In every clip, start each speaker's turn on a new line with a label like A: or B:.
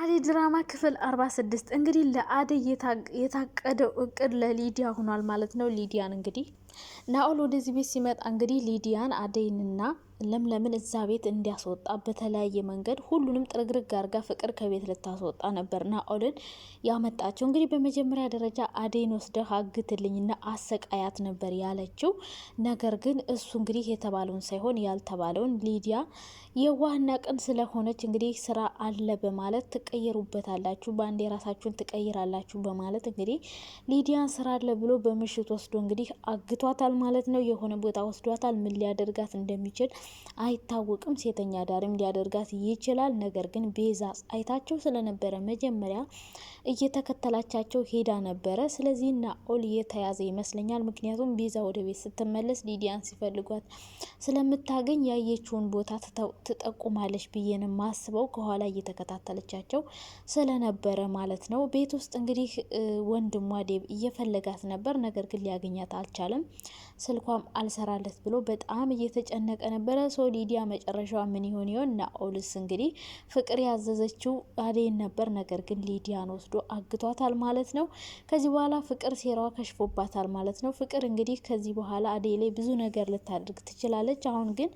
A: አደይ ድራማ ክፍል 46 እንግዲህ ለአደይ የታቀደው እቅድ ለሊዲያ ሆኗል ማለት ነው። ሊዲያን እንግዲህ ናኦል ወደዚህ ቤት ሲመጣ እንግዲህ ሊዲያን አደይንና ለምለምን እዛ ቤት እንዲያስወጣ በተለያየ መንገድ ሁሉንም ጥርግርግ አርጋ ፍቅር ከቤት ልታስወጣ ነበር ናኦልን ያመጣቸው። እንግዲህ በመጀመሪያ ደረጃ አደይን ወስደህ አግትልኝና አሰቃያት ነበር ያለችው። ነገር ግን እሱ እንግዲህ የተባለውን ሳይሆን ያልተባለውን ሊዲያ የዋህና ቅን ስለሆነች እንግዲህ ስራ አለ በማለት ትቀየሩበታላችሁ፣ በአንዴ የራሳችሁን ትቀይራላችሁ በማለት እንግዲህ ሊዲያን ስራ አለ ብሎ በምሽት ወስዶ እንግዲህ አግት አግቷታል ማለት ነው። የሆነ ቦታ ወስዷታል። ምን ሊያደርጋት እንደሚችል አይታወቅም። ሴተኛ ዳሪም ሊያደርጋት ይችላል። ነገር ግን ቤዛ አይታቸው ስለነበረ መጀመሪያ እየተከተላቻቸው ሄዳ ነበረ። ስለዚህ ናኦል እየተያዘ ይመስለኛል። ምክንያቱም ቤዛ ወደ ቤት ስትመለስ ሊዲያን ሲፈልጓት ስለምታገኝ ያየችውን ቦታ ትጠቁማለች ብዬ ነው ማስበው። ከኋላ እየተከታተለቻቸው ስለነበረ ማለት ነው። ቤት ውስጥ እንግዲህ ወንድሟ ዴብ እየፈለጋት ነበር፣ ነገር ግን ሊያገኛት አልቻለም። ስልኳም አልሰራለት ብሎ በጣም እየተጨነቀ ነበረ። ሰው ሊዲያ መጨረሻዋ ምን ይሆን ይሆን? ናኦልስ እንግዲህ ፍቅር ያዘዘችው አዴን ነበር፣ ነገር ግን ሊዲያን ወስዶ ወስዶ አግቷታል ማለት ነው። ከዚህ በኋላ ፍቅር ሴራዋ ከሽፎባታል ማለት ነው። ፍቅር እንግዲህ ከዚህ በኋላ አደይ ላይ ብዙ ነገር ልታደርግ ትችላለች። አሁን ግን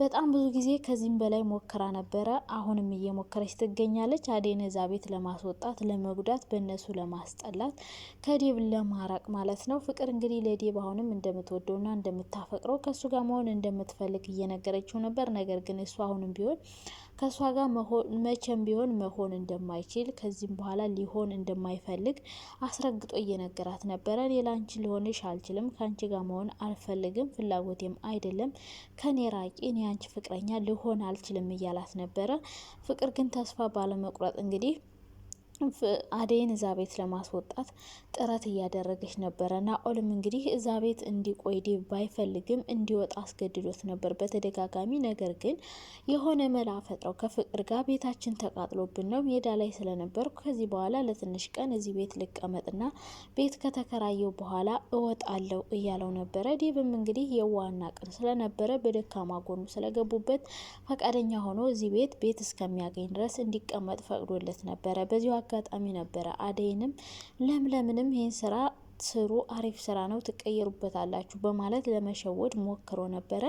A: በጣም ብዙ ጊዜ ከዚህም በላይ ሞክራ ነበረ። አሁንም እየሞከረች ትገኛለች። አዴን እዛ ቤት ለማስወጣት፣ ለመጉዳት፣ በእነሱ ለማስጠላት፣ ከዴብ ለማራቅ ማለት ነው። ፍቅር እንግዲህ ለዴብ አሁንም እንደምትወደውና እንደምታፈቅረው ከእሱ ጋር መሆን እንደምትፈልግ እየነገረችው ነበር። ነገር ግን እሱ አሁንም ቢሆን ከእሷ ጋር መቼም ቢሆን መሆን እንደማይችል ከዚህም በኋላ ሊሆን እንደማይፈልግ አስረግጦ እየነገራት ነበረ። ሌላ አንቺ ሊሆንሽ አልችልም፣ ከአንቺ ጋር መሆን አልፈልግም፣ ፍላጎቴም አይደለም፣ ከኔ ራቂ፣ እኔ አንቺ ፍቅረኛ ልሆን አልችልም እያላት ነበረ። ፍቅር ግን ተስፋ ባለመቁረጥ እንግዲህ አደይን እዛ ቤት ለማስወጣት ጥረት እያደረገች ነበረ። ናኦልም እንግዲህ እዛ ቤት እንዲቆይ ዴቭ ባይፈልግም እንዲወጣ አስገድዶት ነበር በተደጋጋሚ። ነገር ግን የሆነ መላ ፈጥረው ከፍቅር ጋር ቤታችን ተቃጥሎብን ነው ሜዳ ላይ ስለነበር ከዚህ በኋላ ለትንሽ ቀን እዚህ ቤት ልቀመጥና ቤት ከተከራየው በኋላ እወጣለው እያለው ነበረ። ዴቭም እንግዲህ የዋና ቀን ስለነበረ በደካማ ጎኑ ስለገቡበት ፈቃደኛ ሆኖ እዚህ ቤት ቤት እስከሚያገኝ ድረስ እንዲቀመጥ ፈቅዶለት ነበረ በዚሁ አጋጣሚ ነበረ። አደይንም ለምለምንም ይህን ስራ ስሩ አሪፍ ስራ ነው ትቀየሩበታላችሁ በማለት ለመሸወድ ሞክሮ ነበረ።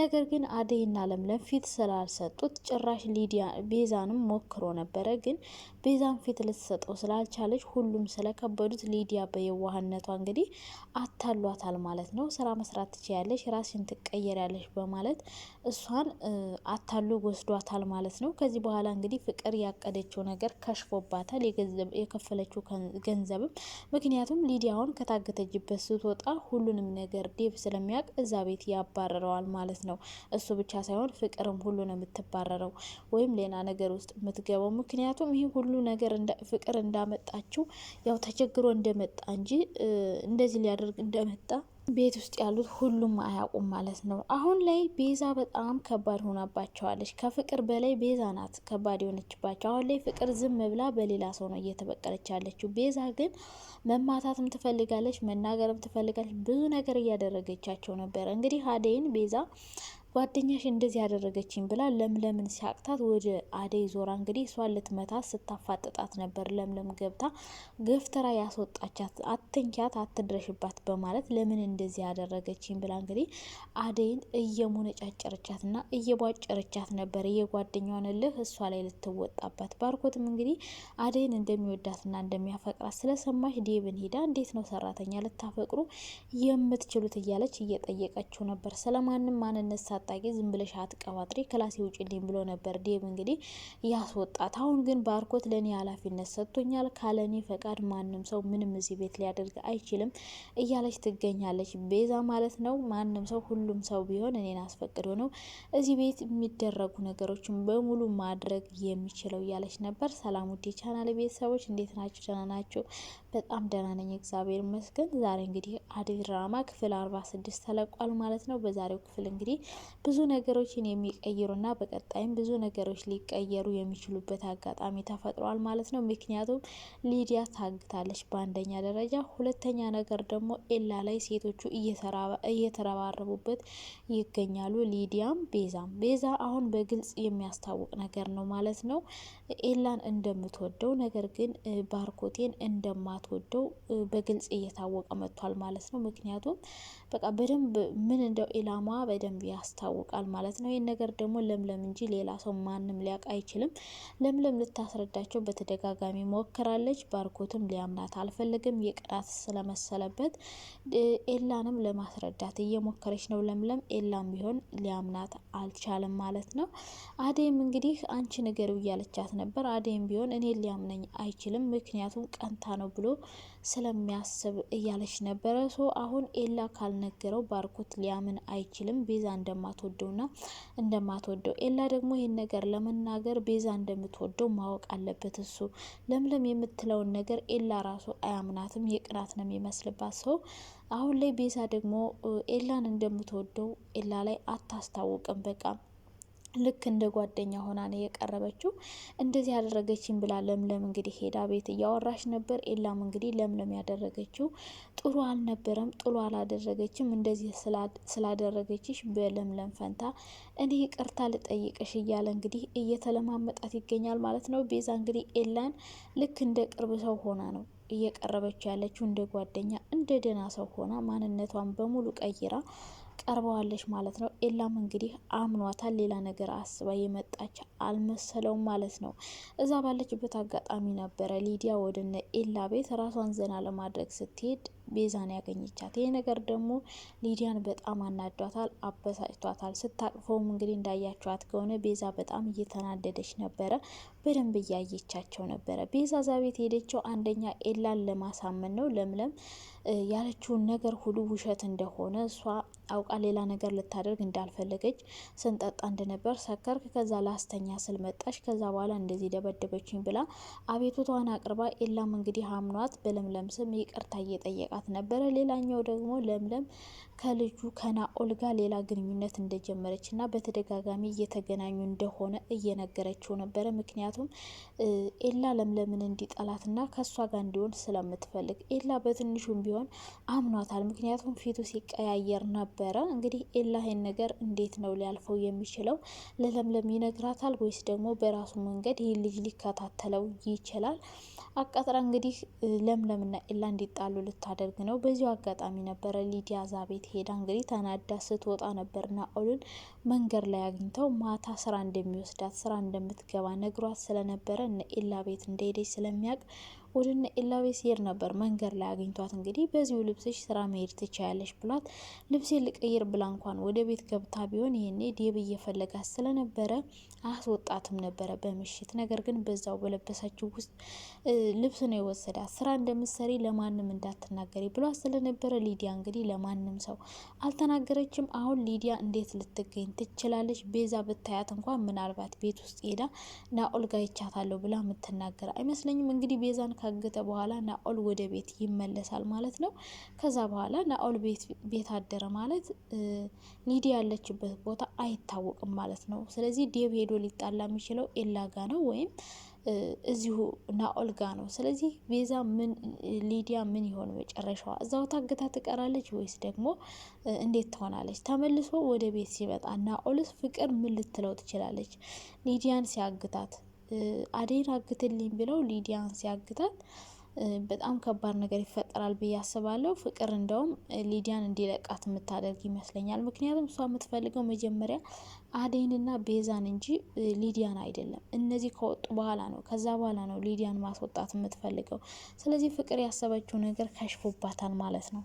A: ነገር ግን አደይና ለምለም ፊት ስላልሰጡት ጭራሽ ሊዲያ ቤዛንም ሞክሮ ነበረ ግን ቤዛን ፊት ልትሰጠው ስላልቻለች ሁሉም ስለከበዱት ሊዲያ በየዋህነቷ እንግዲህ አታሏታል ማለት ነው። ስራ መስራት ትችያለሽ፣ ራስሽን ትቀየሪያለሽ በማለት እሷን አታሎ ወስዷታል ማለት ነው። ከዚህ በኋላ እንግዲህ ፍቅር ያቀደችው ነገር ከሽፎባታል፣ የከፈለችው ገንዘብም ምክንያቱም ሊዲያውን ከታገተችበት ስትወጣ ሁሉንም ነገር ዴብ ስለሚያውቅ እዛ ቤት ያባረረዋል ማለት ነው። እሱ ብቻ ሳይሆን ፍቅርም ሁሉ ነው የምትባረረው ወይም ሌላ ነገር ውስጥ የምትገባው ምክንያቱም ይህ ሁሉ ሁሉ ነገር ፍቅር እንዳመጣችው ያው ተቸግሮ እንደመጣ እንጂ እንደዚህ ሊያደርግ እንደመጣ ቤት ውስጥ ያሉት ሁሉም አያውቁም ማለት ነው። አሁን ላይ ቤዛ በጣም ከባድ ሆናባቸዋለች። ከፍቅር በላይ ቤዛ ናት ከባድ የሆነችባቸው። አሁን ላይ ፍቅር ዝም ብላ በሌላ ሰው ነው እየተበቀለች ያለችው። ቤዛ ግን መማታትም ትፈልጋለች፣ መናገርም ትፈልጋለች። ብዙ ነገር እያደረገቻቸው ነበር። እንግዲህ አደይን ቤዛ ጓደኛሽ እንደዚህ ያደረገችኝ ብላ ለምለምን ሲያቅታት ወደ አደይ ዞራ እንግዲህ እሷን ልትመታት ስታፋጥጣት ነበር። ለምለም ገብታ ገፍተራ ያስወጣቻት አትንኪያት፣ አትድረሽባት በማለት ለምን እንደዚህ ያደረገችኝ ብላ እንግዲህ አደይን እየሞነጫጨረቻት ና እየቧጨረቻት ነበር። የጓደኛዋን እልህ እሷ ላይ ልትወጣባት ባርኮትም እንግዲህ አደይን እንደሚወዳትና እንደሚያፈቅራት ስለሰማች ዴብን ሄዳ እንዴት ነው ሰራተኛ ልታፈቅሩ የምትችሉት እያለች እየጠየቀችው ነበር ስለማንም ማንነት አጣቂ ዝም ብለሽ አትቀባጥሪ ክላሴ ውጭልኝ ብሎ ነበር ዴብ እንግዲህ ያስወጣት። አሁን ግን ባርኮት ለእኔ ኃላፊነት ሰጥቶኛል፣ ካለኔ ፈቃድ ማንም ሰው ምንም እዚህ ቤት ሊያደርግ አይችልም እያለች ትገኛለች። ቤዛ ማለት ነው። ማንም ሰው ሁሉም ሰው ቢሆን እኔን አስፈቅዶ ነው እዚህ ቤት የሚደረጉ ነገሮችን በሙሉ ማድረግ የሚችለው እያለች ነበር። ሰላም ውድ የቻናል ቤተሰቦች እንዴት ናቸው? ደህና ናቸው። በጣም ደህና ነኝ እግዚአብሔር ይመስገን። ዛሬ እንግዲህ አደይ ድራማ ክፍል አርባ ስድስት ተለቋል ማለት ነው። በዛሬው ክፍል እንግዲህ ብዙ ነገሮችን የሚቀይሩና በቀጣይም ብዙ ነገሮች ሊቀየሩ የሚችሉበት አጋጣሚ ተፈጥሯል ማለት ነው። ምክንያቱም ሊዲያ ታግታለች በአንደኛ ደረጃ፣ ሁለተኛ ነገር ደግሞ ኤላ ላይ ሴቶቹ እየተረባረቡበት ይገኛሉ። ሊዲያም ቤዛም ቤዛ አሁን በግልጽ የሚያስታውቅ ነገር ነው ማለት ነው። ኤላን እንደምትወደው ነገር ግን ባርኮቴን እንደማትወደው በግልጽ እየታወቀ መጥቷል ማለት ነው። ምክንያቱም በቃ በደንብ ምን እንደው ኢላማ በደንብ ያስታ ይታወቃል ማለት ነው። ይህን ነገር ደግሞ ለምለም እንጂ ሌላ ሰው ማንም ሊያውቅ አይችልም። ለምለም ልታስረዳቸው በተደጋጋሚ ሞክራለች። ባርኮትም ሊያምናት አልፈልግም የቅናት ስለመሰለበት ኤላንም ለማስረዳት እየሞከረች ነው ለምለም። ኤላም ቢሆን ሊያምናት አልቻለም ማለት ነው። አዴም እንግዲህ አንቺ ንገሪው እያለቻት ነበር። አዴም ቢሆን እኔ ሊያምነኝ አይችልም ምክንያቱም ቀንታ ነው ብሎ ስለሚያስብ እያለች ነበረ። ሶ አሁን ኤላ ካልነገረው ባርኮት ሊያምን አይችልም ቤዛ እንደማትወደውና እንደማትወደው። ኤላ ደግሞ ይህን ነገር ለመናገር ቤዛ እንደምትወደው ማወቅ አለበት። እሱ ለምለም የምትለውን ነገር ኤላ ራሱ አያምናትም። የቅናት ነው የሚመስልባት ሰው አሁን ላይ ቤዛ ደግሞ ኤላን እንደምትወደው ኤላ ላይ አታስታውቅም። በቃ ልክ እንደ ጓደኛ ሆና ነው የቀረበችው። እንደዚህ ያደረገችን ብላ ለምለም እንግዲህ ሄዳ ቤት እያወራች ነበር። ኤላም እንግዲህ ለምለም ያደረገችው ጥሩ አልነበረም፣ ጥሩ አላደረገችም። እንደዚህ ስላደረገችሽ በለምለም ፈንታ እኔ ይቅርታ ልጠይቅሽ እያለ እንግዲህ እየተለማመጣት ይገኛል ማለት ነው። ቤዛ እንግዲህ ኤላን ልክ እንደ ቅርብ ሰው ሆና ነው እየቀረበች ያለችው፣ እንደ ጓደኛ እንደ ደህና ሰው ሆና ማንነቷን በሙሉ ቀይራ ቀርበዋለች ማለት ነው። ኤላም እንግዲህ አምኗታል። ሌላ ነገር አስባ የመጣች አልመሰለውም ማለት ነው። እዛ ባለችበት አጋጣሚ ነበረ ሊዲያ ወደነ ኤላ ቤት ራሷን ዘና ለማድረግ ስትሄድ ቤዛን ያገኘቻት። ይህ ነገር ደግሞ ሊዲያን በጣም አናዷታል፣ አበሳጭቷታል። ስታቅፈውም እንግዲህ እንዳያቸዋት ከሆነ ቤዛ በጣም እየተናደደች ነበረ። በደንብ እያየቻቸው ነበረ። ቤዛ እዛ ቤት ሄደችው አንደኛ ኤላን ለማሳመን ነው። ለምለም ያለችውን ነገር ሁሉ ውሸት እንደሆነ እሷ አውቃ ሌላ ነገር ልታደርግ እንዳልፈለገች ስንጠጣ እንደነበር ሰከርክ፣ ከዛ ላስተኛ ስል መጣሽ፣ ከዛ በኋላ እንደዚህ ደበደበችኝ ብላ አቤቱታዋን አቅርባ ኤላም እንግዲህ አምኗት በለምለም ስም ይቅርታ እየጠየቀ ጠይቃት ነበረ። ሌላኛው ደግሞ ለምለም ከልጁ ከናኦል ጋር ሌላ ግንኙነት እንደጀመረች እና በተደጋጋሚ እየተገናኙ እንደሆነ እየነገረችው ነበረ። ምክንያቱም ኤላ ለምለምን እንዲጠላት እና ከእሷ ጋር እንዲሆን ስለምትፈልግ ኤላ በትንሹም ቢሆን አምኗታል። ምክንያቱም ፊቱ ሲቀያየር ነበረ። እንግዲህ ኤላ ይህን ነገር እንዴት ነው ሊያልፈው የሚችለው? ለለምለም ይነግራታል ወይስ ደግሞ በራሱ መንገድ ይህ ልጅ ሊከታተለው ይችላል? አቃጥራ እንግዲህ ለምለምና ኤላ እንዲጣሉ ልታደርግ ነው። በዚሁ አጋጣሚ ነበረ ሊዲያ ዛ ቤት ሄዳ እንግዲህ ተናዳ ስትወጣ ነበርና አውልን መንገድ ላይ አግኝተው ማታ ስራ እንደሚወስዳት ስራ እንደምትገባ ነግሯት ስለነበረ እነ ኤላ ቤት እንደሄደች ስለሚያውቅ ወደ እነ ኤላ ቤት ሲሄድ ነበር መንገድ ላይ አግኝቷት እንግዲህ በዚሁ ልብስሽ ስራ መሄድ ትችያለሽ ብሏት ልብሴ ልቀይር ብላ እንኳን ወደ ቤት ገብታ ቢሆን ይህኔ ዴብ እየፈለጋት ስለነበረ አስወጣትም ነበረ በምሽት ነገር ግን በዛው በለበሳችው ውስጥ ልብስ ነው የወሰዳት ስራ እንደምትሰሪ ለማንም እንዳትናገሪ ብሏት ስለነበረ ሊዲያ እንግዲህ ለማንም ሰው አልተናገረችም አሁን ሊዲያ እንዴት ልትገኝ ትችላለች። ቤዛ ብታያት እንኳን ምናልባት ቤት ውስጥ ሄዳ ናኦል ጋር ይቻታለሁ ብላ የምትናገር አይመስለኝም። እንግዲህ ቤዛን ካገተ በኋላ ናኦል ወደ ቤት ይመለሳል ማለት ነው። ከዛ በኋላ ናኦል ቤት አደረ ማለት ሊዲ ያለችበት ቦታ አይታወቅም ማለት ነው። ስለዚህ ዴብ ሄዶ ሊጣላ የሚችለው ኤላጋ ነው ወይም እዚሁ ናኦል ጋ ነው። ስለዚህ ቤዛ ምን ሊዲያ ምን ይሆን መጨረሻዋ? እዛው ታግታ ትቀራለች ወይስ ደግሞ እንዴት ትሆናለች? ተመልሶ ወደ ቤት ሲመጣ ናኦልስ ፍቅር ምን ልትለው ትችላለች? ሊዲያን ሲያግታት አዴን አግትልኝ ብለው ሊዲያን ሲያግታት በጣም ከባድ ነገር ይፈጠራል ብዬ አስባለሁ። ፍቅር እንደውም ሊዲያን እንዲለቃት የምታደርግ ይመስለኛል። ምክንያቱም እሷ የምትፈልገው መጀመሪያ አደይንና ቤዛን እንጂ ሊዲያን አይደለም። እነዚህ ከወጡ በኋላ ነው ከዛ በኋላ ነው ሊዲያን ማስወጣት የምትፈልገው። ስለዚህ ፍቅር ያሰበችው ነገር ከሽፎባታል ማለት ነው።